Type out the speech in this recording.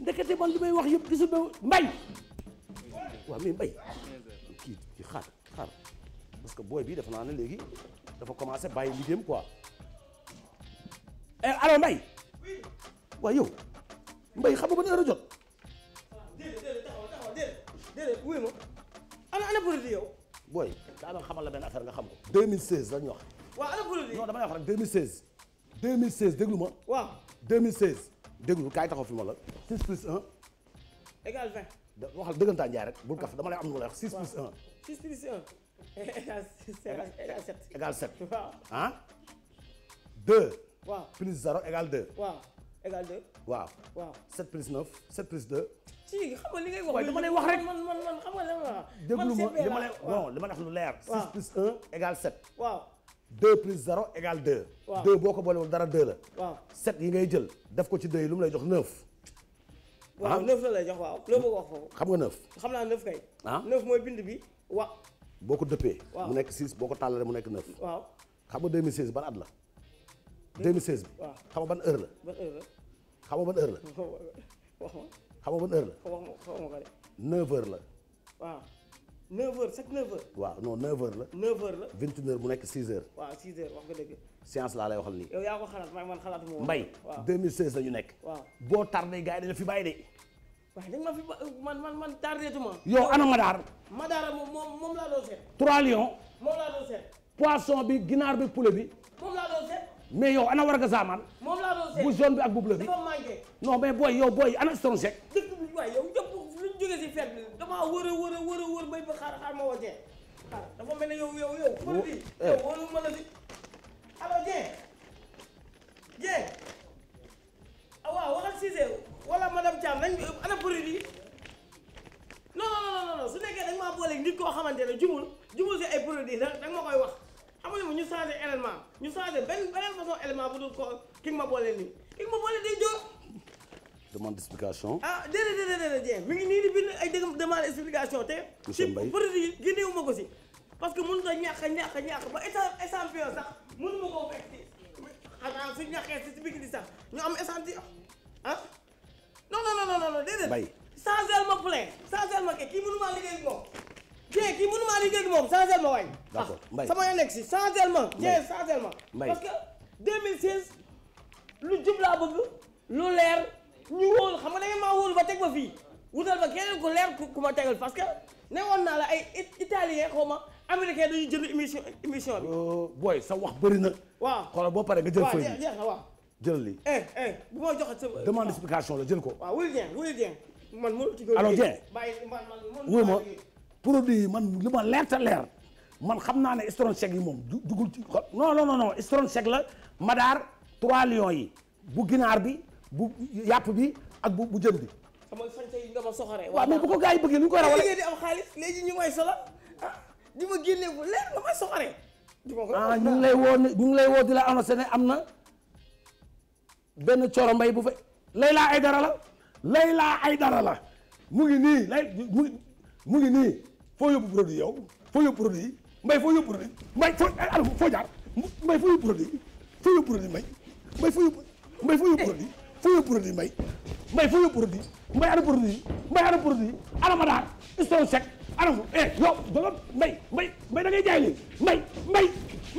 ndekete man li may wax yëpp gisul ma mbay waaw mais mbay kii kii parce que booy bii dafa naa ne léegi dafa commencé bàyyi liggéeyam quoi eh, allo mbay waaw yow mbay xam nga ban heure a jot déedéet taxaw taxaw déedéet déedéet wuy ma ana ana produit yow booy daa doon xamal la benn affaire nga xam ko 2016 lañu wax waaw ana produit non dama lay wax rek 2016 2016 déglu ma waaw 2016 déglu kaay taxaw fi ma plus 1. égal 20. da waxal dëggantaa njaay rek bul kaf dama lay am lu ma plus 1. égal 7. égal 7 waaw plus 0 égal 2. waaw égal 2. waaw waaw plus 9 7 plus 2. si xam nga wax. waaye dama lay rek man man man xam ma la wax. déglu ma lu leer. waaw plus 1 égal 7. deux plus zéro égale deux. deux boo ko boolewul dara deux la. waaw sept yi ngay jël def ko ci deux yi lu mu lay jox neuf. waaw ah. neuf la lay jox waaw loolu moo ko wax foofu. xam nga neuf. xam naa neuf kay. ah mooy bind bi wa. boo ko dëppee. waaw mu nekk six boo ko tàllalee mu nekk neuf. waaw xam nga 2016 ban at la. 2016 bi. waaw xam nga ban heure la. ban heure la. xam la. wax ma. xam nga la. wax ma wax ma ko de. neuf heures la. waaw. 9h chaque 9h. waaw non 9h la. 9h bu nekk 6h. waaw 6h wax nga dëgg. science laa lay waxal nii. yaa ko xalaat man xalaatu ma mbay 2016 nekk. boo tardé gars yi dañ la fi bàyyi de. waaw da ma fi man man man tardé tuma. yow ana Madaar. Madaar moom moom laa doon seet. 3 bi ginaar bi poulet bi. moom laa doon seet. mais yow ana warga saamaan. bu jaune bi ak bu bleu bi. dafa mais booy yow booy ana Stronsek. dëkk bi jógee si fenn damaa wër a wër a wër a wër bay ba xaar xaar ma woo Dieng xaar dafa mel ne yow yow yow. wóor bi eh. yow wóorul ma la si. allo Dieng Dieng ah waaw waxal Cissé wala madame Thiam nañ ana produit bi non non non non su nekkee da maa boole nit koo xamante ne jumul jumul si ay produit da nga ma koy wax. xamuñu ma ñu changé élément ñu changé benn beneen façon élément bu dul ki nga ma boole nii ki nga ma boole day jóg. demande d' explication. ah déedéet déedéet déedéet mi ngi nii di bind ay demande explication te. monsieur Mbaye produit yi génnewu ma ko si. parce que mënut a ñàkk a ñàkk a ñàkk ba échant échantillon sax mënuma koo fekk xanaa su ñàkkee si si biir di sax ñu am échantillon ah non non non non non déedéet. Mbaye changel ma plein changel ma kii kii mënumaa liggéey ak moom. Dieng kii mënumaa liggéey ak moom changel ma waay. d' accord ah, Mbaye sama yoon nekk si changel ma. Dieng changel ma. parce que 2016 lu jub laa bëgg lu leer. ñu wóolu xam nga da ngeen maa wóolu ba teg ma fii wutal ba keneen ku leer ku ma tegal parce que ne woon naa la ay italien xaw ma américain dañuy jënd émission émission bi. Oh, booy sa wax bëri na. waaw xoolal boo paree nga jël feuille bi waaw waaw. jël lii. Eh, eh, bu ma joxat sa. demande explication la jël ko. waaw wuli Dieng wuli Dieng. man mënut ci góor alors Dieng man man ma produit yi man li ma leer leer man xam naa ne strong chèque yi moom dugul ci non non non strong chèque la madaar trois lions yi bu ginaar bi. bu yàpp bi ak bu bu jën bi. xam nga fan yi nga ma soxoree. waaw mais bu ko gars yi bëggee lu ñu ko war a wala léegi di am xaalis léegi ñu may solo ah di ma génnee bu leer nga ma soxoree. di ko ah, lay woo ne ñu ngi di la annoncé am na benn coro mbay bu fa Layla Aydara la ay Aydara la mu ngi nii lay mu ngi nii foo yóbbu produit yow foo yóbbu produit mbay foo yóbbu produit mbay foo allo foo jaar mbay foo yóbbu produit mbay foo yóbbu produit. foo yóbbu produit mbay mbay foo yóbbu produit mbay ana produit mbay ana produit ana madaar istoo ana fu eh yow mbay mbay mbay da ngay jaay léegi mbay mbay